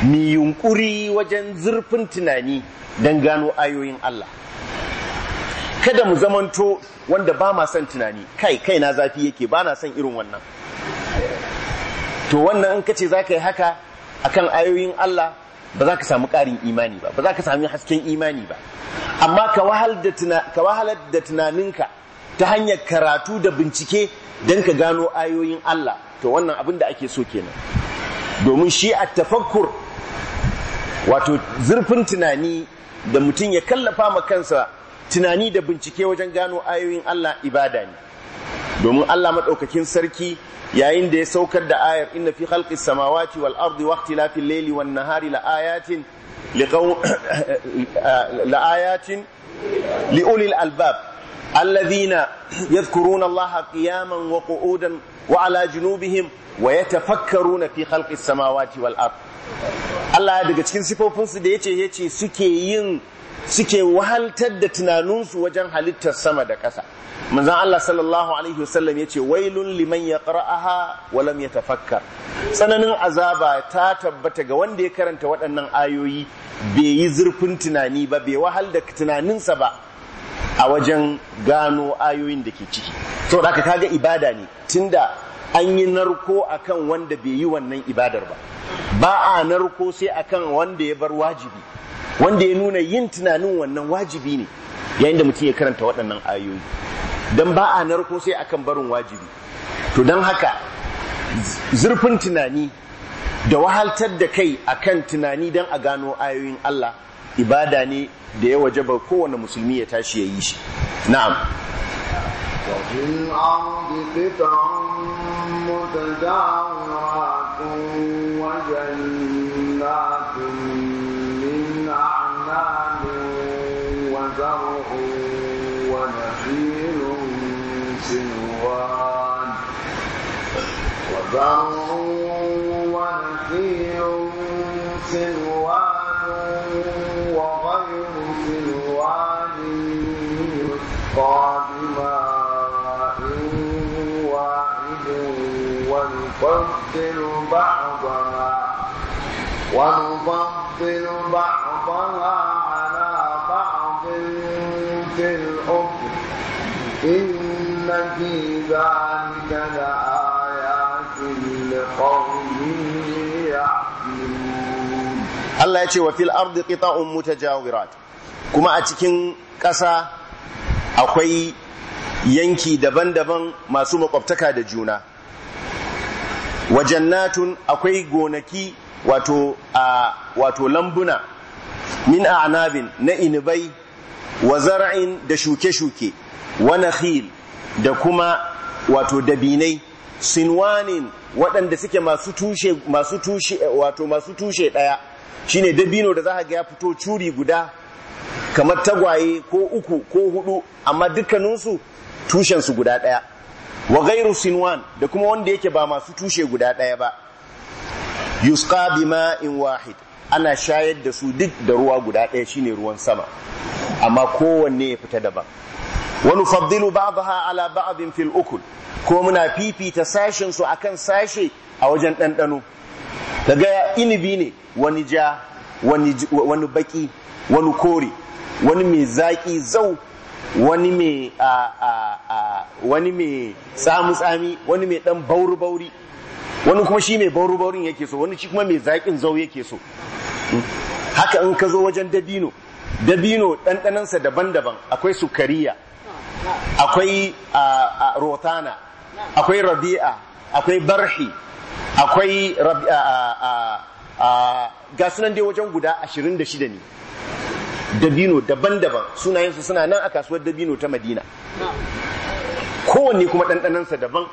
mi yunƙuri wajen zurfin tunani don gano ayoyin Allah kada mu zamanto wanda ba ma son tunani kai kai na zafi yake ba na son irin wannan to wannan in kace za ka yi haka akan ayoyin Allah ba za ka samu ƙarin imani ba ba za ka sami hasken imani ba amma ka wahalar da tunaninka ta hanyar karatu da bincike don ka gano ayoyin Allah to wannan abin da ake so kenan domin shi a tafakkur wato zurfin tunani da mutum ya kallafa ma kansa tunani da bincike wajen gano ayoyin Allah ibada ne domin Allah maɗaukakin sarki yayin da ya saukar da ayar inna fi khalqis samawati wal ardi wa layli wan nahari la ayatin eh, la ayatin li ulil albab alladhina yadhkuruna Allah qiyaman wa qu'udan wa ala junubihim wa yatafakkaruna fi khalqis samawati wal ard Allah daga cikin sifofinsu da yace yace suke yin suke wahaltar da tunaninsu wajen halittar sama da ƙasa manzan Allah sallallahu alaihi wasallam yace wailun liman ƙara'aha walam ya tafakkar?" tsananin azaba ta tabbata ga wanda ya karanta waɗannan ayoyi bai yi zurfin tunani ba bai wahal da tunaninsa ba a wajen gano ayoyin da ke ciki to da kaga ibada ne tunda an yi narko akan wanda bai yi wannan ibadar ba ba a narko sai akan wanda ya bar wajibi wanda ya nuna yin tunanin wannan wajibi ne yayin da mutum ya karanta waɗannan ayoyi don ba a narko sai akan barin wajibi to don haka zurfin tunani da wahaltar da kai akan tunani don a gano ayoyin Allah ibada ne da ya wajaba kowane musulmi ya tashi ya yi shi na'am وفي بر ونخيل سلوان وغير سلوان يسقى واحد ونفضل بعضها ونفضل بعضها على بعض في الحكم إن في ذلك لأ Allah ya ce wa fil ardi qita'un mutajawirat kuma a cikin ƙasa akwai yanki daban-daban masu makwabtaka da juna wa jannatun akwai gonaki wato a wato lambuna min a'nabin na inibai wa zar'in da shuke-shuke wa nakhil da kuma wato dabinai sinwanin waɗanda suke masu tushe masu wato masu tushe ɗaya shine dabino da za a ga ya fito curi guda kamar tagwaye ko uku ko hudu amma dukkaninsu tushensu guda ɗaya wa gairu sinwan da kuma wanda yake ba masu tushe guda ɗaya ba yusqa in wahid ana shayar da su duk da ruwa guda ɗaya shine ruwan sama amma kowanne ya fita daban ونفضل بعضها ala بعض في الأكل ko muna fifita sashen su akan sashe a wajen ɗanɗano daga inibi ne wani ja wani baki wani kore wani mai zaki zau wani mai wani mai tsami-tsami wani mai ɗan bauri-bauri wani kuma shi mai bauri-baurin yake so wani shi kuma mai zakin zau yake so haka in ka zo wajen dabino dabino ɗanɗanansa daban-daban akwai sukariya akwai rotana akwai rabi'a akwai barhi akwai ga sunan dai wajen guda 26 ne dabino daban-daban sunayensu suna nan a kasuwar dabino ta madina kowanne kuma ɗanɗanansa daban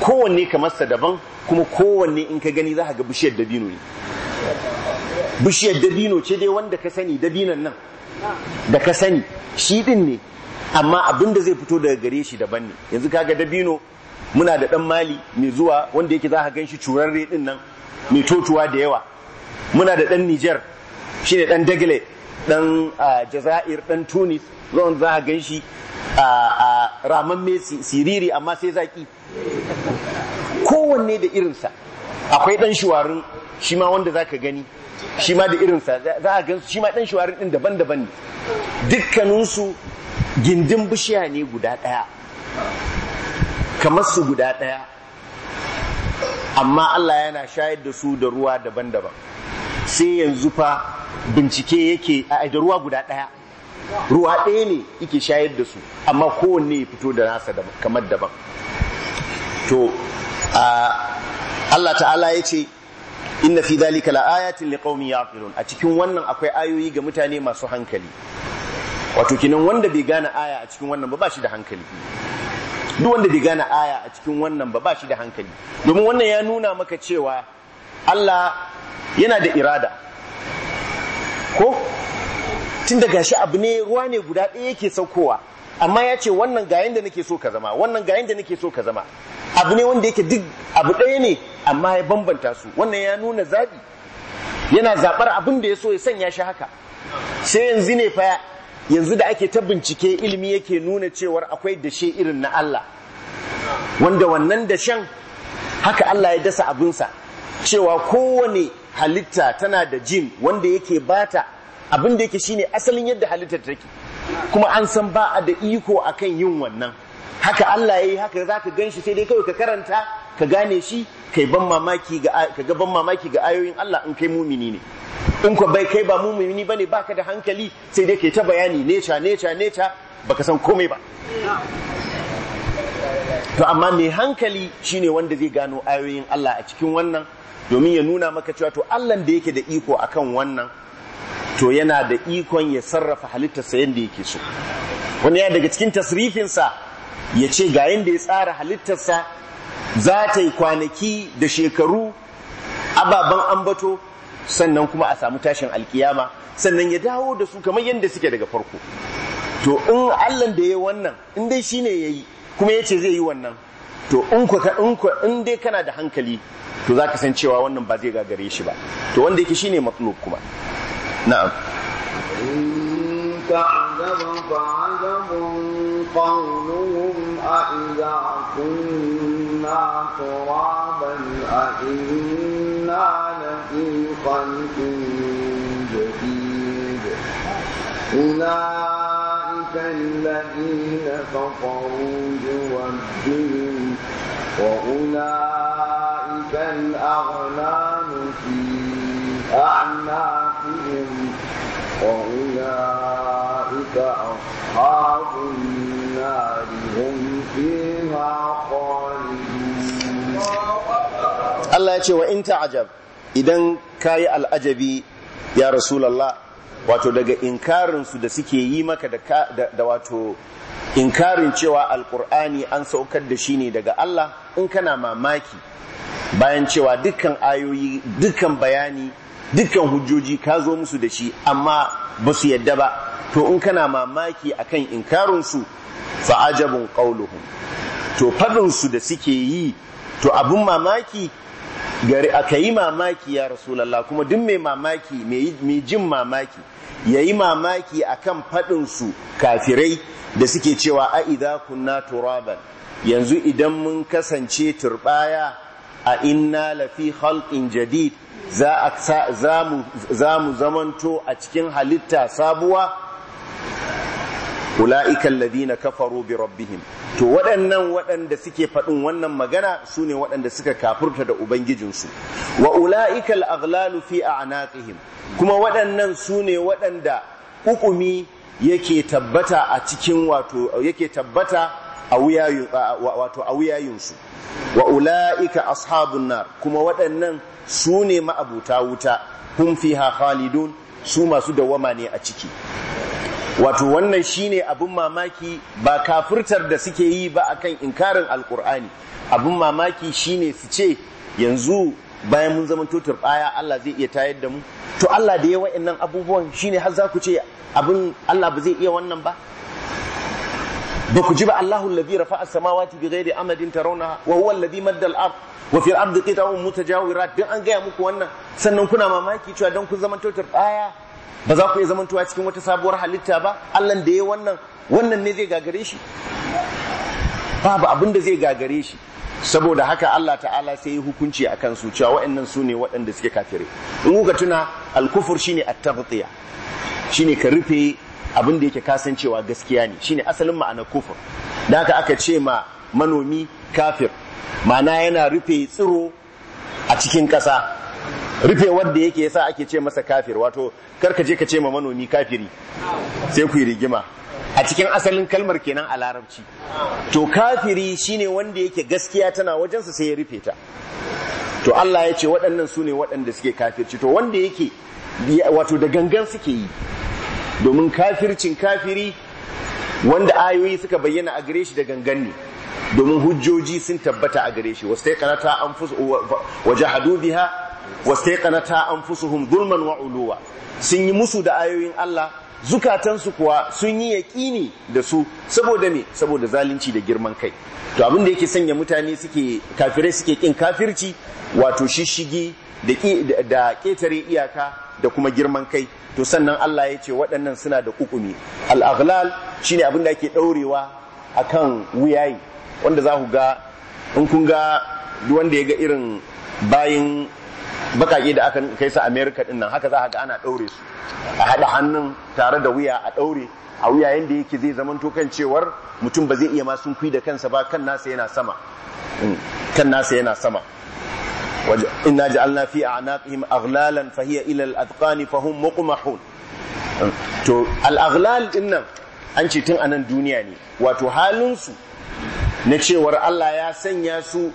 kowanne kamarsa daban kuma kowanne in ka gani za ga bishiyar dabino ne bishiyar dabino ce dai wanda ka sani dabinan nan da ka sani shi din ne amma abin da zai fito daga gare shi daban ne yanzu kaga dabino muna da dan mali mai zuwa wanda yake za ka gan shi curarre din nan mai totuwa da yawa muna da dan Niger shine dan Dagale dan Jazair dan Tunis zan za ka gan shi a raman siriri amma sai zaki kowanne da irinsa akwai dan shuwarin shi ma wanda za ka gani shi ma da irinsa za ka gan shi ma dan shuwarin din daban-daban ne dukkaninsu gindin bishiya ne guda ɗaya kamar su guda ɗaya amma Allah yana shayar da su da ruwa daban-daban sai yanzu fa bincike yake a da ruwa guda ɗaya ruwa ɗaya ne yake shayar da su amma kowanne ya fito da nasa kamar daban to Allah ta'ala ya ce inna fi dhalika la'ayatin liqaumin yaqilun a cikin wannan akwai ayoyi ga mutane masu hankali wato kinan wanda bai gane aya a cikin wannan ba ba shi da hankali duk wanda bai gane aya a cikin wannan ba ba shi da hankali domin wannan ya nuna maka cewa Allah yana da irada ko tun da gashi abu ne ruwa ne guda ɗaya yake saukowa amma ya ce wannan ga yanda nake so ka zama wannan ga yanda nake so ka zama abu ne wanda yake duk abu ɗaya ne amma ya bambanta su wannan ya nuna zabi yana zabar abin da ya so ya sanya shi haka sai yanzu ne fa yanzu da ake ta bincike ilimi yake nuna cewar akwai dashe irin na Allah wanda wannan dashen haka Allah ya dasa abinsa cewa kowane halitta tana da jin wanda yake bata abin da yake shine asalin yadda halitta take kuma an san ba a da iko akan yin wannan haka Allah ya yi haka za ka gan shi sai dai kawai ka karanta ka gane shi kai ban mamaki ga ka ga ban mamaki ga ayoyin Allah in kai mumini ne in ko bai kai ba mumini bane baka da hankali sai dai kai ta bayani neca neca neca baka san komai ba to amma mai hankali shine wanda zai gano ayoyin Allah a cikin wannan domin ya nuna maka cewa to Allah da yake da iko akan wannan to yana da ikon ya sarrafa halittarsa yadda yake so wani ya daga cikin tasrifinsa ya ce ga yadda ya tsara halittarsa za ta yi kwanaki da shekaru ababen ambato sannan kuma a samu tashin alkiyama sannan ya dawo da su kamar yadda suke daga farko to in allan da ya yi wannan in dai ne ya yi kuma ya ce zai yi wannan to in in dai kana da hankali to za ka san cewa wannan ba zai gagare shi ba to wanda yake ne matsalo kuma na'am ترابا أئنا لفي خلق جديد أولئك الذين كفروا بربهم وأولئك الأغلال في أعناقهم وأولئك أصحاب النار هم فيها خالدون Allah ya ce wa in ta'ajab idan kayi al'ajabi ya rasulallah wato daga inkarin su da suke yi maka da, da wato inkarin cewa alkur'ani an saukar da shi ne daga Allah in kana mamaki bayan cewa dukkan ayoyi dukkan bayani dukkan hujjoji ka zo musu da shi amma ba su yadda ba to in kana mamaki akan inkarin su fa'ajabin ajabun qauluhum to faɗinsu da suke yi to abin mamaki gari aka yi mamaki ya rasu rasulallah kuma duk mai mamaki mai jin mamaki ya yi mamaki a kan faɗinsu kafirai da suke cewa a idza kunna turaban yanzu idan mun kasance turbaya a inna lafi in jadid za mu zamanto a cikin halitta sabuwa ula'ika alladhina kafaru bi rabbihim to waɗannan waɗanda suke faɗin wannan magana su ne waɗanda suka kafurta da ubangijinsu wa ula'ika aghlalu fi a'naqihim kuma waɗannan su ne waɗanda hukumi yake tabbata a cikin wato yake tabbata a wato a wuyayinsu wa ula'ika ashabun nar kuma waɗannan su ne ma'abuta wuta hum fiha khalidun su masu dawama ne a ciki wato wannan shine abin mamaki ba kafurtar da suke yi ba akan inkarin alkur'ani abin mamaki shine su ce yanzu bayan mun zama tutur baya Allah zai iya tayar da mu to Allah da ya nan abubuwan shine har za ku ce abin Allah ba zai iya wannan ba ba ku ji ba Allahu alladhi rafa'a as-samawati bighairi amadin tarawna wa huwa alladhi madda al-ard wa fil ardi qita'un mutajawirat dan an gaya muku wannan sannan kuna mamaki cewa dan kun zama tutur baya ba za ku iya tuwa cikin wata sabuwar halitta ba Allan da ya wannan wannan ne zai gagare shi babu abin da zai gagare shi saboda haka Allah ta'ala sai ya hukunci a kansu cewa wa'annan su ne waɗanda suke kafire in kuka tuna alkufur shine at Shi shine ka rufe abin da yake kasancewa gaskiya ne shine asalin ma'anar kufur da haka aka ce ma manomi kafir ma'ana yana rufe tsiro a cikin ƙasa rufe wanda yake yasa ake ce masa kafir wato karka je ka ce ma manomi kafiri sai ku yi rigima a cikin asalin kalmar kenan a larabci to kafiri shine wanda yake gaskiya tana wajensa sai ya rufe ta to Allah ya ce waɗannan su ne waɗanda suke kafirci to wanda yake wato da gangan suke yi domin kafircin kafiri wanda ayoyi suka bayyana a gare shi da gangan ne domin hujjoji sun tabbata a gare shi wasu ta kanata an fusa wa biha wastaqanata anfusuhum zulman wa uluwa sun yi musu da ayoyin Allah zukatansu kuwa sun yi yaƙini da su saboda me saboda zalunci da girman kai to abin da yake sanya mutane suke kafirai suke kin kafirci wato shishigi da ƙetare iyaka da kuma girman kai to sannan Allah ya ce waɗannan suna da kukumi al-aghlal shine abin da ake daurewa akan wuyayi wanda za ku ga in kun ga duk wanda ya ga irin bayin bakake da aka kai su america din nan haka za ga ana ɗaure su a haɗa hannun tare da wuya a ɗaure, a wuya yanda yake zai zaman to kan cewar mutum ba zai iya ma sun da kansa ba kan nasa yana sama mm, kan nasa yana sama inna ja'alna fi a'naqihim aghlalan fa hiya ila al-adqan fa hum muqmahun mm, to al-aghlal din nan an ce tun anan duniya ne wato halin su na cewar Allah ya sanya su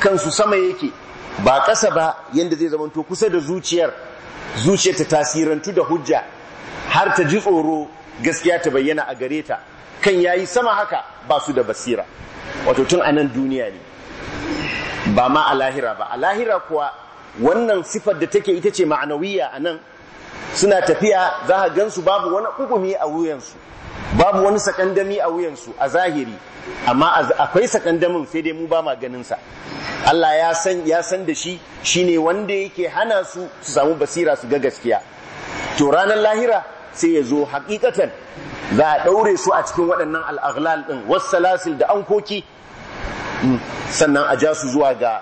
kansu sama yake ba ƙasa ba yadda zai zamanto kusa da zuciyar zuciyar ta tasirantu da hujja har ta ji tsoro gaskiya ta bayyana a gare ta kan yayi sama haka ba su da basira wato tun a nan duniya ne ba ma a lahira ba a lahira kuwa wannan sifar da take ita ce ma'anawiya a nan suna tafiya za a gansu babu wani ƙugumi a wuyansu babu wani sakandami a wuyansu a zahiri amma akwai sakandamin sai dai mu ba ma ganinsa Allah ya san ya san da shi shine wanda yake hana su su samu basira su ga gaskiya to ranar lahira sai ya zo hakikatan za a ɗaure su a cikin waɗannan al'aghlal ɗin wasu da ankoki mm, sannan a ja su zuwa ga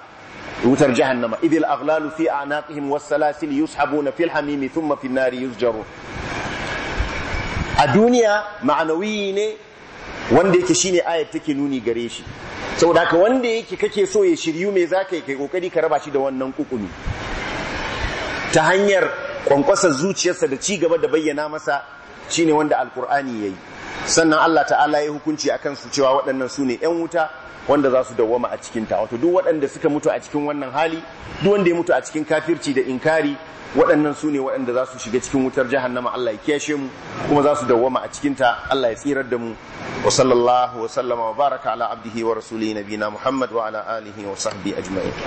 wutar jahannama idil aghlalu fi anaqihim was salasil yushabuna fil hamimi thumma fin nari yusjarun a duniya ma'anawi ne wanda yake shine ayat take nuni gare shi saboda haka wanda yake kake so ya shiryu me zaka yi kai kokari ka raba shi da wannan kukuni ta hanyar kwankwasa zuciyarsa da ci gaba da bayyana masa shine wanda alkur'ani yayi sannan Allah ta'ala ya hukunci akan su cewa waɗannan su ne yan wuta wanda za su dawwama a cikin ta wato duk waɗanda suka mutu a cikin wannan hali duk wanda ya mutu a cikin kafirci da inkari waɗannan su ne waɗanda za su shiga cikin wutar jahannama Allah ya kiyashe mu kuma za su dawwama a cikin ta Allah ya tsirar da mu wa sallallahu wa sallama wa baraka ala abdihi wa rasulihi nabina Muhammad wa ala alihi wa sahbihi ajma'in